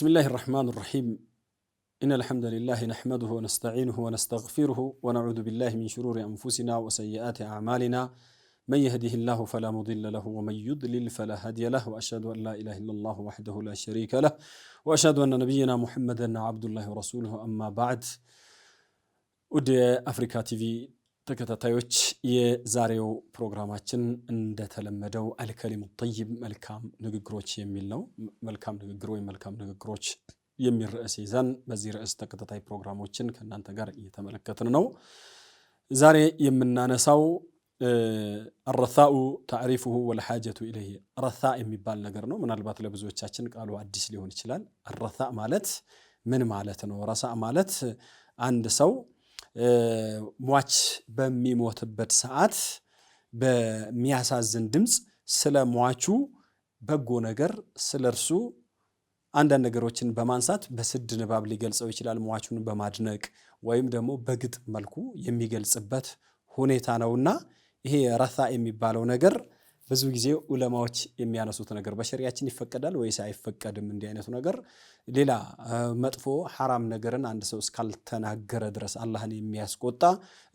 بسم الله الرحمن الرحيم إن الحمد لله نحمده ونستعينه ونستغفره ونعوذ بالله من شرور أنفسنا وسيئات أعمالنا من يهده الله فلا مضل له ومن يضلل فلا هادي له وأشهد أن لا إله إلا الله وحده لا شريك له وأشهد أن نبينا محمدا عبد الله ورسوله أما بعد أدى أفريكا تي في ተከታታዮች የዛሬው ፕሮግራማችን እንደተለመደው አልከሊሙ ጠይብ መልካም ንግግሮች የሚል ነው። መልካም ንግግር ወይም መልካም ንግግሮች የሚል ርዕስ ይዘን በዚህ ርዕስ ተከታታይ ፕሮግራሞችን ከእናንተ ጋር እየተመለከትን ነው። ዛሬ የምናነሳው አረታኡ ታዕሪፉሁ ወለሓጀቱ ኢለይህ ረታ የሚባል ነገር ነው። ምናልባት ለብዙዎቻችን ቃሉ አዲስ ሊሆን ይችላል። አረሳ ማለት ምን ማለት ነው? ረሳ ማለት አንድ ሰው ሟች በሚሞትበት ሰዓት በሚያሳዝን ድምፅ ስለ ሟቹ በጎ ነገር ስለ እርሱ አንዳንድ ነገሮችን በማንሳት በስድ ንባብ ሊገልጸው ይችላል። ሟቹን በማድነቅ ወይም ደግሞ በግጥም መልኩ የሚገልጽበት ሁኔታ ነውና ይሄ ረታ የሚባለው ነገር ብዙ ጊዜ ዑለማዎች የሚያነሱት ነገር በሸሪያችን ይፈቀዳል ወይስ አይፈቀድም? እንዲህ አይነቱ ነገር ሌላ መጥፎ ሐራም ነገርን አንድ ሰው እስካልተናገረ ድረስ አላህን የሚያስቆጣ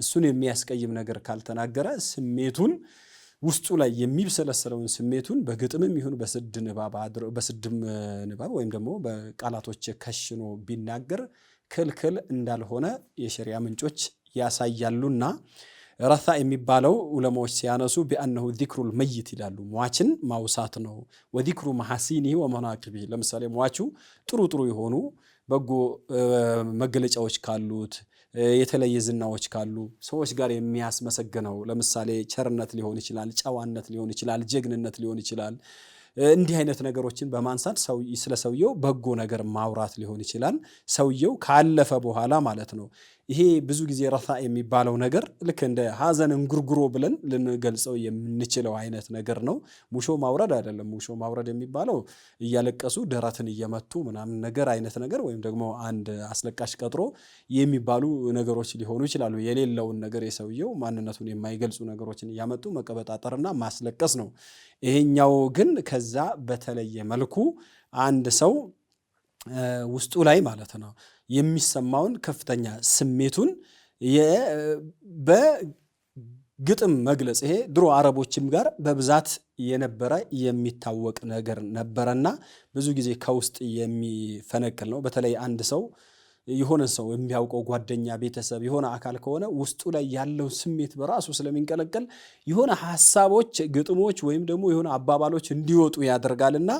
እሱን የሚያስቀይም ነገር ካልተናገረ ስሜቱን ውስጡ ላይ የሚብሰለሰለውን ስሜቱን በግጥምም ይሁን በስድ በስድም ንባብ ወይም ደግሞ በቃላቶች ከሽኖ ቢናገር ክልክል እንዳልሆነ የሸሪያ ምንጮች ያሳያሉና ረታ የሚባለው ዑለማዎች ሲያነሱ ቢአነሁ ዚክሩል መይት ይላሉ። ሟችን ማውሳት ነው። ወዚክሩ መሐሲኒ ወመናቅቢ ለምሳሌ ሟቹ ጥሩ ጥሩ የሆኑ በጎ መገለጫዎች ካሉት የተለየ ዝናዎች ካሉ ሰዎች ጋር የሚያስመሰግነው ለምሳሌ ቸርነት ሊሆን ይችላል፣ ጨዋነት ሊሆን ይችላል፣ ጀግንነት ሊሆን ይችላል። እንዲህ አይነት ነገሮችን በማንሳት ስለ ሰውየው በጎ ነገር ማውራት ሊሆን ይችላል። ሰውየው ካለፈ በኋላ ማለት ነው ይሄ ብዙ ጊዜ ረታ የሚባለው ነገር ልክ እንደ ሀዘን እንጉርጉሮ ብለን ልንገልጸው የምንችለው አይነት ነገር ነው። ሙሾ ማውረድ አይደለም። ሙሾ ማውረድ የሚባለው እያለቀሱ ደረትን እየመቱ ምናምን ነገር አይነት ነገር ወይም ደግሞ አንድ አስለቃሽ ቀጥሮ የሚባሉ ነገሮች ሊሆኑ ይችላሉ። የሌለውን ነገር የሰውየው ማንነቱን የማይገልጹ ነገሮችን እያመጡ መቀበጣጠርና ማስለቀስ ነው። ይሄኛው ግን ከዛ በተለየ መልኩ አንድ ሰው ውስጡ ላይ ማለት ነው የሚሰማውን ከፍተኛ ስሜቱን በግጥም መግለጽ ይሄ ድሮ አረቦችም ጋር በብዛት የነበረ የሚታወቅ ነገር ነበረና ብዙ ጊዜ ከውስጥ የሚፈነቅል ነው። በተለይ አንድ ሰው የሆነ ሰው የሚያውቀው ጓደኛ፣ ቤተሰብ፣ የሆነ አካል ከሆነ ውስጡ ላይ ያለው ስሜት በራሱ ስለሚንቀለቀል የሆነ ሀሳቦች፣ ግጥሞች ወይም ደግሞ የሆነ አባባሎች እንዲወጡ ያደርጋልና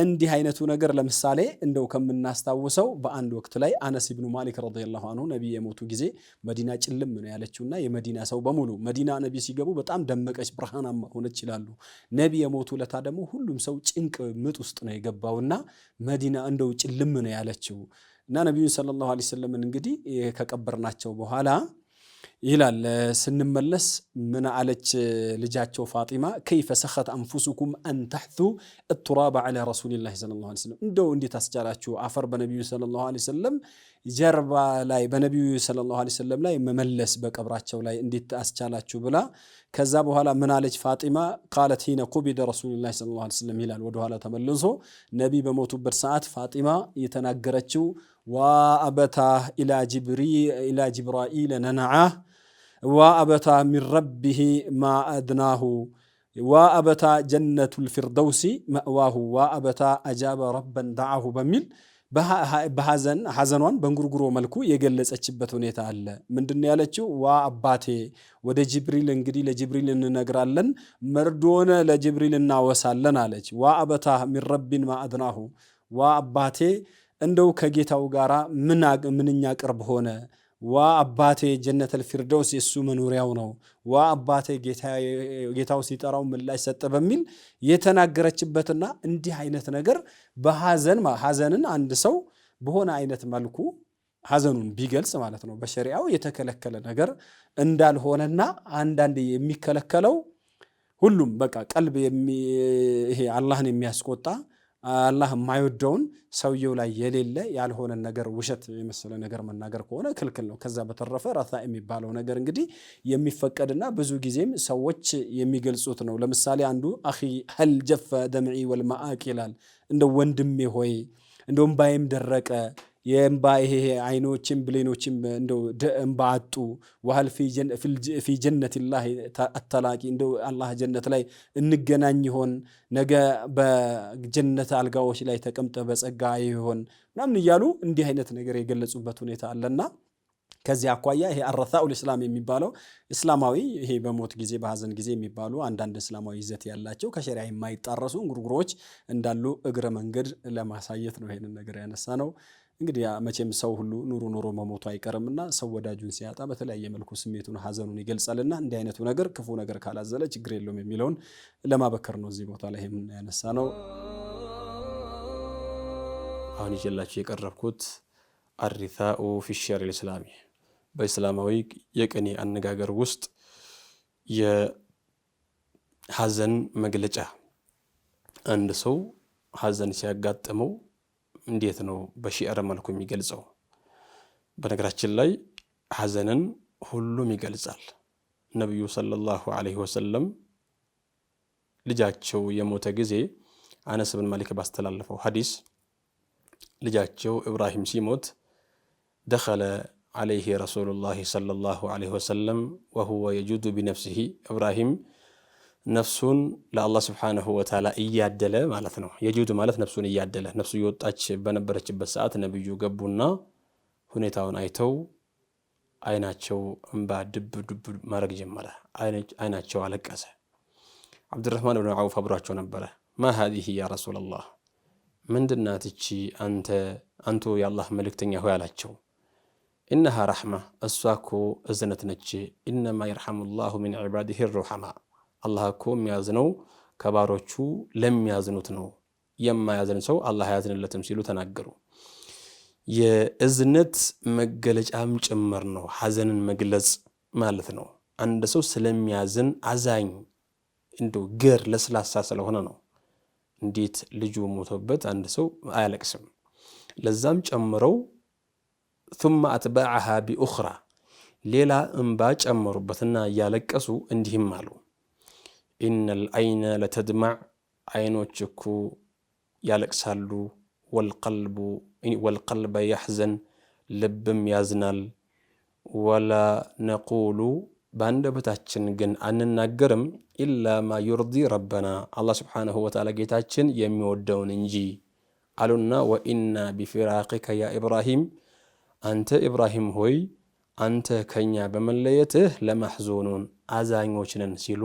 እንዲህ አይነቱ ነገር ለምሳሌ እንደው ከምናስታውሰው በአንድ ወቅት ላይ አነስ ብኑ ማሊክ ረዲየላሁ አንሁ ነቢይ የሞቱ ጊዜ መዲና ጭልም ነው ያለችውና የመዲና ሰው በሙሉ መዲና ነቢ ሲገቡ በጣም ደመቀች፣ ብርሃናማ ሆነች ይላሉ። ነቢ የሞቱ ለታ ደግሞ ሁሉም ሰው ጭንቅ ምጥ ውስጥ ነው የገባውና መዲና እንደው ጭልም ነው ያለችው እና ነቢዩን ሰለላሁ ዐለይሂ ወሰለምን እንግዲህ ከቀበርናቸው በኋላ ይላል ስንመለስ ምን አለች ልጃቸው ፋጢማ ከይፈ ሰኸት አንፉሱኩም አንታሕቱ እቱራብ ዐላ ረሱሊላሂ ሰለላሁ ዐለይሂ ወሰለም እንደው እንዴት አስቻላችሁ አፈር በነቢዩ ሰለላሁ ዐለይሂ ወሰለም ጀርባ ላይ በነቢዩ ሰለላሁ ዐለይሂ ወሰለም ላይ መመለስ በቀብራቸው ላይ እንዴት አስቻላችሁ ብላ ከዛ በኋላ ምን አለች ፋጢማ ቃለት ሂነ ቁቢደ ረሱሉላሂ ሰለላሁ ዐለይሂ ወሰለም ይላል ወደኋላ ተመልሶ ነቢ በሞቱበት ሰዓት ፋጢማ የተናገረችው ዋ አበታ ኢላ ጅብራኢል ነነዓ ወአበታ ሚን ረቢሂ ማአድናሁ ወአበታ ጀነቱል ፊርደውሲ መእዋሁ ወአበታ አጃበ ረበን ደዓሁ በሚል በሐዘን ሐዘኗን በእንጉርጉሮ መልኩ የገለጸችበት ሁኔታ አለ። ምንድን ያለችው? ዋ አባቴ ወደ ጅብሪል እንግዲህ ለጅብሪል እንነግራለን፣ መርዶነ ለጅብሪል እናወሳለን አለች። ዋ አበታ ሚን ረቢን ማአድናሁ ዋ አባቴ እንደው ከጌታው ጋራ ምንኛ ቅርብ ሆነ ዋ አባቴ ጀነተል ፊርደውስ የእሱ መኖሪያው ነው፣ ዋ አባቴ ጌታው ሲጠራው ምላሽ ሰጠ በሚል የተናገረችበትና እንዲህ አይነት ነገር በሐዘን ሐዘንን አንድ ሰው በሆነ አይነት መልኩ ሐዘኑን ቢገልጽ ማለት ነው በሸሪያው የተከለከለ ነገር እንዳልሆነና አንዳንድ የሚከለከለው ሁሉም በቃ ቀልብ ይሄ አላህን የሚያስቆጣ አላህ የማይወደውን ሰውየው ላይ የሌለ ያልሆነ ነገር ውሸት የመሰለ ነገር መናገር ከሆነ ክልክል ነው። ከዛ በተረፈ ረታ የሚባለው ነገር እንግዲህ የሚፈቀድና ብዙ ጊዜም ሰዎች የሚገልጹት ነው። ለምሳሌ አንዱ አኺ ሀል ጀፈ ደምዒ ወልማአቅ ይላል። እንደ ወንድሜ ሆይ እንደ እምባዬም ደረቀ የእንባ ይሄ አይኖችም ብሌኖችም እንደው እንባ አጡ ዋህል ፊ ጀነት ላ አተላቂ እንደ አላህ ጀነት ላይ እንገናኝ ይሆን ነገ በጀነት አልጋዎች ላይ ተቀምጠ በጸጋ ይሆን ምናምን እያሉ እንዲህ አይነት ነገር የገለጹበት ሁኔታ አለና ከዚህ አኳያ ይሄ አረታኡል ኢስላም የሚባለው እስላማዊ ይሄ በሞት ጊዜ በሀዘን ጊዜ የሚባሉ አንዳንድ እስላማዊ ይዘት ያላቸው ከሸሪያ የማይጣረሱ እንጉርጉሮች እንዳሉ እግረ መንገድ ለማሳየት ነው ይሄንን ነገር ያነሳ ነው። እንግዲህ መቼም ሰው ሁሉ ኑሮ ኑሮ መሞቱ እና ሰው ወዳጁን ሲያጣ በተለያየ መልኩ ስሜቱን ሀዘኑን ይገልጻልና እንዲህ አይነቱ ነገር ክፉ ነገር ካላዘለ ችግር የለውም የሚለውን ለማበከር ነው እዚህ ቦታ ላይ ይህም ያነሳ ነው። አሁን ይዤላችሁ የቀረብኩት አሪታኡ ፊሸሪል ልስላሚ በእስላማዊ የቅኔ አነጋገር ውስጥ የሀዘን መግለጫ አንድ ሰው ሀዘን ሲያጋጥመው እንዴት ነው በሽዕር መልኩ የሚገልጸው? በነገራችን ላይ ሐዘንን ሁሉም ይገልጻል። ነቢዩ ሰለላሁ ዐለይሂ ወሰለም ልጃቸው የሞተ ጊዜ አነስ ብን ማሊክ ባስተላለፈው ሐዲስ ልጃቸው ኢብራሂም ሲሞት ደኸለ ዐለይሂ ረሱሉላሂ ሰለላሁ ዐለይሂ ወሰለም ወሁወ የጁዱ ቢነፍሲሂ ኢብራሂም ነፍሱን ለአላህ ስብሓነሁ ወተዓላ እያደለ ማለት ነው። የጅድ ማለት ነፍሱን እያደለ ነፍሱ እየወጣች በነበረችበት ሰዓት ነቢዩ ገቡና ሁኔታውን አይተው አይናቸው እንባ ድብ ድብ ማድረግ ጀመረ። አይናቸው አለቀሰ። አብድረህማን ብን ዐውፍ አብሯቸው ነበረ። ማ ሃዚህ ያ ረሱላላህ፣ ምንድናት እቺ አንተ አንቱ የአላህ መልእክተኛ ሆይ አላቸው። ኢነሃ ረሕማ፣ እሷ ኮ እዝነት ነች። ኢነማ የርሐሙ ላሁ ሚን ዒባዲህ ሩሐማ አላህ እኮ የሚያዝነው ከባሮቹ ለሚያዝኑት ነው፣ የማያዝን ሰው አላህ አያዝንለትም ሲሉ ተናገሩ። የእዝነት መገለጫም ጭምር ነው ሐዘንን መግለጽ ማለት ነው። አንድ ሰው ስለሚያዝን አዛኝ እንደው ገር ለስላሳ ስለሆነ ነው። እንዴት ልጁ ሞቶበት አንድ ሰው አያለቅስም? ለዛም ጨምረው ثم أتبعها بأخرى ሌላ እንባ ጨመሩበትና እያለቀሱ እንዲህም አሉ ኢነል አይነ ለተድማዕ አይኖች እኩ ያለቅሳሉ፣ ወልቀልበ ያሕዘን ልብም ያዝናል። ወላ ነቁሉ በአንደበታችን ግን አንናገርም፣ ኢላ ማ ዩርዲ ረበና አላህ ስብሓነሁ ወተዓላ ጌታችን የሚወደውን እንጂ አሉና ወኢና ቢፊራቂከ ያ ኢብራሂም አንተ ኢብራሂም ሆይ አንተ ከኛ በመለየትህ ለማሕዞኑን አዛኞች ነን ሲሉ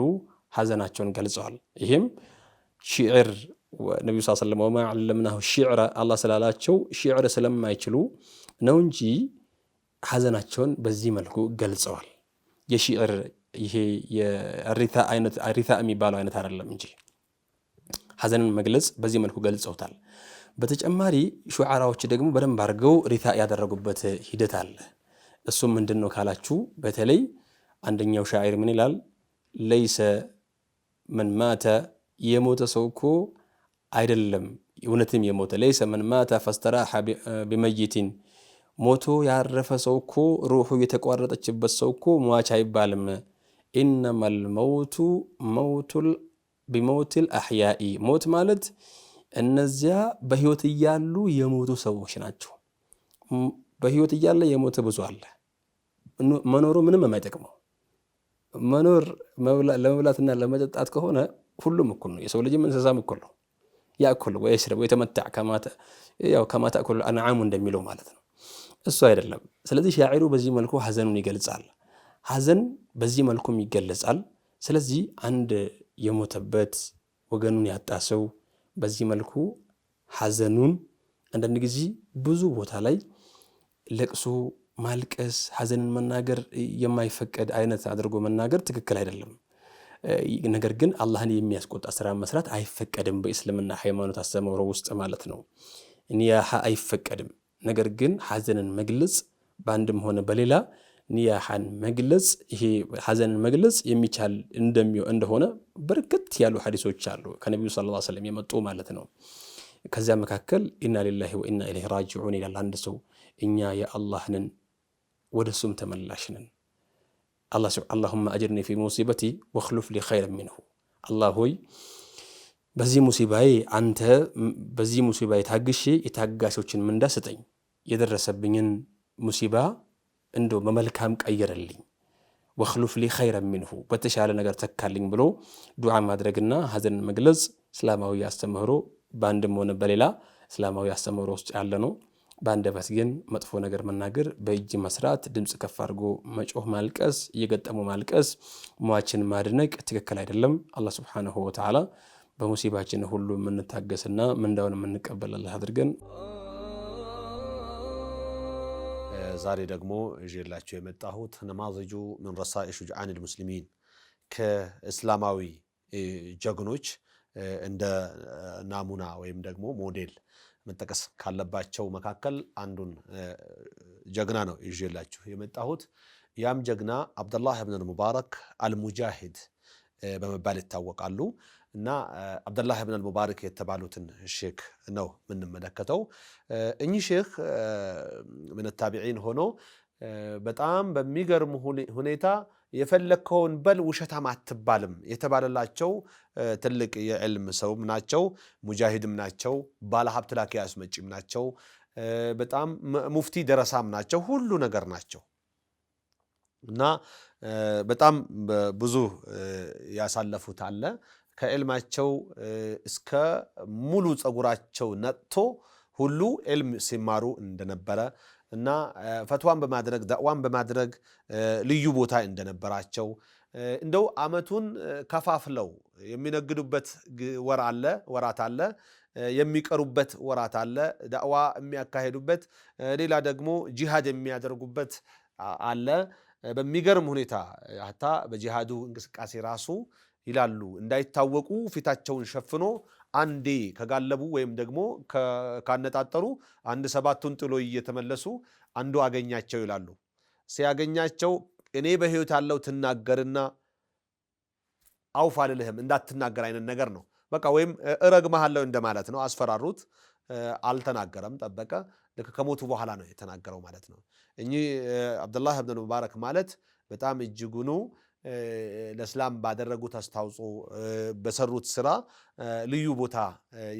ሐዘናቸውን ገልጸዋል። ይህም ሽዕር ነቢዩ ስ ለም ወማ ዓለምናሁ ሽዕረ አላህ ስላላቸው ሽዕር ስለማይችሉ ነው እንጂ ሐዘናቸውን በዚህ መልኩ ገልጸዋል። የሽዕር ይሄ ሪታ የሚባለው አይነት አይደለም እንጂ ሐዘንን መግለጽ በዚህ መልኩ ገልጸውታል። በተጨማሪ ሹዓራዎች ደግሞ በደንብ አድርገው ሪታ ያደረጉበት ሂደት አለ። እሱም ምንድን ነው ካላችሁ፣ በተለይ አንደኛው ሻዒር ምን ይላል ለይሰ መን ማተ የሞተ ሰው እኮ አይደለም እውነትም የሞተ ለይሰ መን ማተ ፈስተራሐ ቢመይቲን ሞቶ ያረፈ ሰው እኮ ሩሑ የተቋረጠችበት ሰው እኮ ሟች አይባልም። ኢነማ ልመውቱ ቢመውቲል አሕያኢ ሞት ማለት እነዚያ በህይወት እያሉ የሞቱ ሰዎች ናቸው። በህይወት እያለ የሞተ ብዙ አለ። መኖሩ ምንም የማይጠቅመው መኖር ለመብላትና ለመጠጣት ከሆነ ሁሉም እኩል ነው። የሰው ልጅም እንስሳም እኩል ነው። ያእኩል ወይሽረብ ወይተመታዕ ከማ አንዓሙ እንደሚለው ማለት ነው። እሱ አይደለም። ስለዚህ ሻዒሩ በዚህ መልኩ ሀዘኑን ይገልጻል። ሀዘን በዚህ መልኩም ይገለጻል። ስለዚህ አንድ የሞተበት ወገኑን ያጣ ሰው በዚህ መልኩ ሀዘኑን አንዳንድ ጊዜ ብዙ ቦታ ላይ ለቅሶ ማልቀስ፣ ሀዘንን መናገር የማይፈቀድ አይነት አድርጎ መናገር ትክክል አይደለም። ነገር ግን አላህን የሚያስቆጣ ስራ መስራት አይፈቀድም በእስልምና ሃይማኖት አስተምህሮ ውስጥ ማለት ነው። ኒያሓ አይፈቀድም። ነገር ግን ሀዘንን መግለጽ በአንድም ሆነ በሌላ ኒያሓን መግለጽ ይሄ ሀዘንን መግለጽ የሚቻል እንደሆነ በርከት ያሉ ሀዲሶች አሉ ከነቢዩ ሰለላሁ ዐለይሂ ወሰለም የመጡ ማለት ነው። ከዚያ መካከል ኢና ሊላሂ ወኢና ኢለይሂ ራጅዑን ይላል አንድ ሰው እኛ የአላህንን ወደ እሱም ተመላሽ ነን። አላሁመ አጅርኒ ፊ ሙሲበቲ ወክሉፍ ሊ ኸይረን ሚንሁ። አላህ ሆይ በዚህ ሙሲባዬ አንተ በዚህ ሙሲባዬ ታግሼ የታጋሾችን ምንዳ ስጠኝ፣ የደረሰብኝን ሙሲባ እንደው በመልካም ቀይረልኝ፣ ወክሉፍ ሊ ኸይረን ሚንሁ በተሻለ ነገር ተካልኝ ብሎ ዱዓ ማድረግና ሀዘንን መግለጽ እስላማዊ አስተምህሮ በአንድም ሆነ በሌላ እስላማዊ አስተምህሮ ውስጥ ያለ ነው። በአንደበት ግን መጥፎ ነገር መናገር፣ በእጅ መስራት፣ ድምፅ ከፍ አድርጎ መጮህ፣ ማልቀስ፣ እየገጠሙ ማልቀስ፣ ሟችን ማድነቅ ትክክል አይደለም። አላህ ስብሓነሁ ወተዓላ በሙሲባችን ሁሉ የምንታገስና ምንዳውን የምንቀበል አላህ አድርገን። ዛሬ ደግሞ እላቸው የመጣሁት ነማዘጁ ምን ረሳኢ ሹጅዓን ልሙስሊሚን ከእስላማዊ ጀግኖች እንደ ናሙና ወይም ደግሞ ሞዴል መጠቀስ ካለባቸው መካከል አንዱን ጀግና ነው ይዤላችሁ የመጣሁት። ያም ጀግና አብደላህ ብን ሙባረክ አልሙጃሂድ በመባል ይታወቃሉ እና አብደላህ ብን አልሙባረክ የተባሉትን ሼክ ነው የምንመለከተው። እኚህ ሼክ ምን ታቢዒን ሆኖ በጣም በሚገርም ሁኔታ የፈለግከውን በል ውሸታም አትባልም የተባለላቸው ትልቅ የዕልም ሰውም ናቸው፣ ሙጃሂድም ናቸው፣ ባለሀብት ላኪ አስመጪም ናቸው፣ በጣም ሙፍቲ ደረሳም ናቸው፣ ሁሉ ነገር ናቸው እና በጣም ብዙ ያሳለፉት አለ ከዕልማቸው እስከ ሙሉ ፀጉራቸው ነጥቶ ሁሉ ዕልም ሲማሩ እንደነበረ እና ፈትዋን በማድረግ ዳዕዋን በማድረግ ልዩ ቦታ እንደነበራቸው እንደው አመቱን ከፋፍለው የሚነግዱበት ወር አለ ወራት አለ የሚቀሩበት ወራት አለ ዳዕዋ የሚያካሄዱበት ሌላ ደግሞ ጂሃድ የሚያደርጉበት አለ። በሚገርም ሁኔታ ሀታ በጂሃዱ እንቅስቃሴ ራሱ ይላሉ እንዳይታወቁ ፊታቸውን ሸፍኖ አንዴ ከጋለቡ ወይም ደግሞ ካነጣጠሩ አንድ ሰባቱን ጥሎ እየተመለሱ አንዱ አገኛቸው ይላሉ። ሲያገኛቸው እኔ በህይወት ያለው ትናገርና አውፍ አልልህም እንዳትናገር አይነት ነገር ነው። በቃ ወይም እረግምሃለሁ እንደማለት ነው። አስፈራሩት። አልተናገረም፣ ጠበቀ። ልክ ከሞቱ በኋላ ነው የተናገረው ማለት ነው። እኚህ አብዱላህ ብን ሙባረክ ማለት በጣም እጅጉኑ ለእስላም ባደረጉት አስተዋጽኦ በሰሩት ስራ ልዩ ቦታ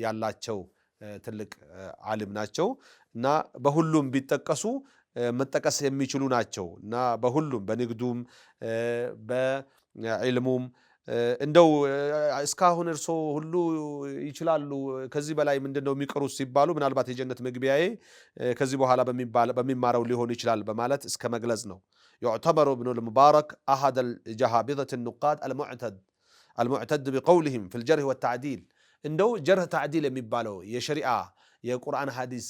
ያላቸው ትልቅ አለም ናቸው እና በሁሉም ቢጠቀሱ መጠቀስ የሚችሉ ናቸው እና በሁሉም በንግዱም በዕልሙም እንደው እስካሁን እርሶ ሁሉ ይችላሉ ከዚህ በላይ ምንድን ነው የሚቀሩት ሲባሉ ምናልባት የጀነት መግቢያዬ ከዚህ በኋላ በሚማረው ሊሆን ይችላል በማለት እስከ መግለጽ ነው። ዩዕተበሩ ብኑ ልሙባረክ አሃድ ጀሃቢዘት ኑቃድ አልሙዕተድ ቢቀውልህም ፊልጀርህ ወተዕዲል እንደው ጀርህ ተዕዲል የሚባለው የሸሪአ የቁርአን ሐዲስ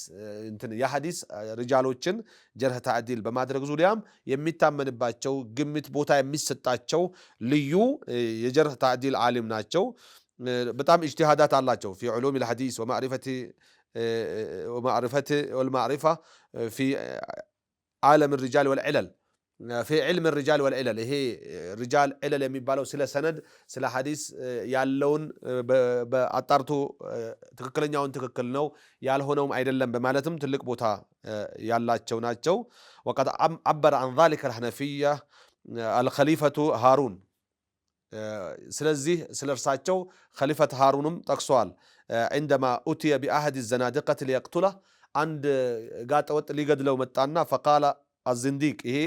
የሐዲስ ርጃሎችን ጀርህ ታዕዲል በማድረግ ዙሪያም የሚታመንባቸው ግምት ቦታ የሚሰጣቸው ልዩ የጀርህ ታዕዲል ዓሊም ናቸው። በጣም ኢጅቲሃዳት አላቸው ፊ ዑሉም ልሐዲስ ወማዕሪፈት ወልማዕሪፋ ፊ ዓለም ርጃል ወልዕለል ፊ ዕልም ሪጃል ወልዕለል ይሄ ሪጃል ዕለል የሚባለው ስለ ሰነድ ስለ ሐዲስ ያለውን አጣርቶ ትክክለኛውን ትክክል ነው ያልሆነውም አይደለም በማለትም ትልቅ ቦታ ያላቸው ናቸው። ወቀድ አበረ አን ዛሊከ አልሐነፊያ አልኸሊፈቱ ሃሩን ስለዚህ ስለ እርሳቸው ኸሊፈት ሃሩንም ጠቅሰዋል። ዕንደማ ኡትየ ቢአህድ ዘናድቀት ሊየቅቱላ አንድ ጋጠወጥ ሊገድለው መጣና ፈቃለ አዝንዲቅ ይሄ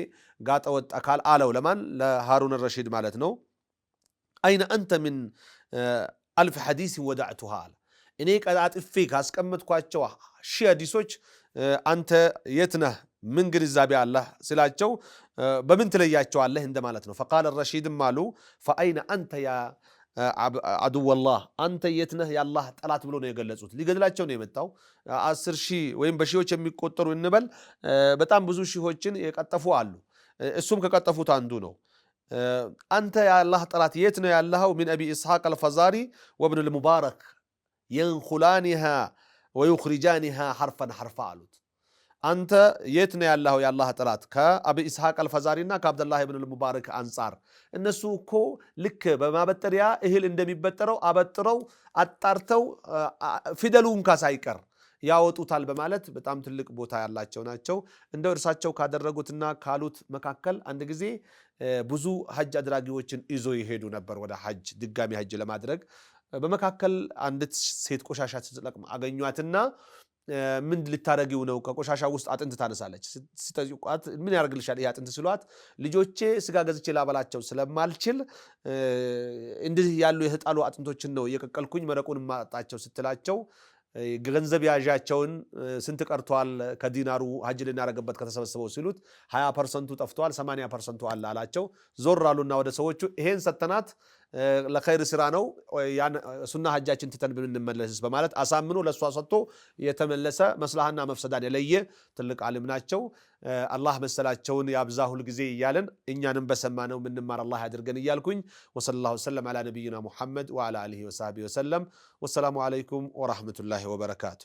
ጋጠወጥ አካል አለው። ለማን ለሃሩን ረሺድ ማለት ነው። አይነ አንተ ምን አልፍ ሐዲስ ወዳዕቱሃ አለ። እኔ ቀጣጥፌ ካስቀመጥኳቸው ሺህ ሐዲሶች አንተ የት ነህ? ምን ግንዛቤ አለህ ስላቸው በምን ትለያቸዋለህ እንደማለት ነው። ፈቃለ ረሺድም አሉ ፈአይነ አንተ ያ አድወላህ አንተ የት ነህ የአላህ ጠላት ብሎ ነው የገለጹት። ሊገድላቸው ነው የመጣው። አስር ሺህ ወይም በሺዎች የሚቆጠሩ እንበል በጣም ብዙ ሺዎችን የቀጠፉ አሉ። እሱም ከቀጠፉት አንዱ ነው። አንተ የአላህ ጠላት የት ነው ያለኸው? ሚን አቢ ኢስሐቅ አልፈዛሪ ወብን ልሙባረክ የንኩላኒሃ ወዩኽሪጃኒሃ ሐርፈን ሐርፋ አሉት። አንተ የት ነው ያለኸው የአላህ ጠላት? ከአቢ ኢስሐቅ አልፈዛሪና ከአብደላህ ብን ልሙባረክ አንጻር። እነሱ እኮ ልክ በማበጠሪያ እህል እንደሚበጠረው አበጥረው አጣርተው ፊደሉ እንኳ ሳይቀር ያወጡታል በማለት በጣም ትልቅ ቦታ ያላቸው ናቸው። እንደው እርሳቸው ካደረጉትና ካሉት መካከል አንድ ጊዜ ብዙ ሀጅ አድራጊዎችን ይዞ ይሄዱ ነበር ወደ ሀጅ ድጋሚ ሀጅ ለማድረግ። በመካከል አንዲት ሴት ቆሻሻ ስትለቅም አገኟትና ምን ልታረጊው ነው? ከቆሻሻ ውስጥ አጥንት ታነሳለች። ሲጠይቋት ምን ያደርግልሻል ይህ አጥንት ስሏት፣ ልጆቼ ስጋ ገዝቼ ላበላቸው ስለማልችል እንዲህ ያሉ የተጣሉ አጥንቶችን ነው እየቀቀልኩኝ መረቁን ማጣቸው ስትላቸው ገንዘብ ያዣቸውን ስንት ቀርቷል ከዲናሩ ሀጅ ልናደርግበት ከተሰበሰበው ሲሉት፣ 20 ፐርሰንቱ ጠፍቷል፣ 80 ፐርሰንቱ አለ አላቸው። ዞር አሉና ወደ ሰዎቹ ይሄን ሰተናት ለኸይር ስራ ነው ሱና ሀጃችን ትተን ብንመለስስ በማለት አሳምኖ ለእሷ ሰጥቶ የተመለሰ መስላህና መፍሰዳን የለየ ትልቅ አሊም ናቸው። አላህ መሰላቸውን ያብዛ ሁልጊዜ እያለን እኛንም በሰማነው ምንማር አላህ ያድርገን እያልኩኝ ወሰለላሁ ወሰለም አላ ነቢይና ሙሐመድ ወአላ አሊሂ ወሰሐቢ ወሰለም። ወሰላሙ አለይኩም ወረሕመቱላሂ ወበረካቱ።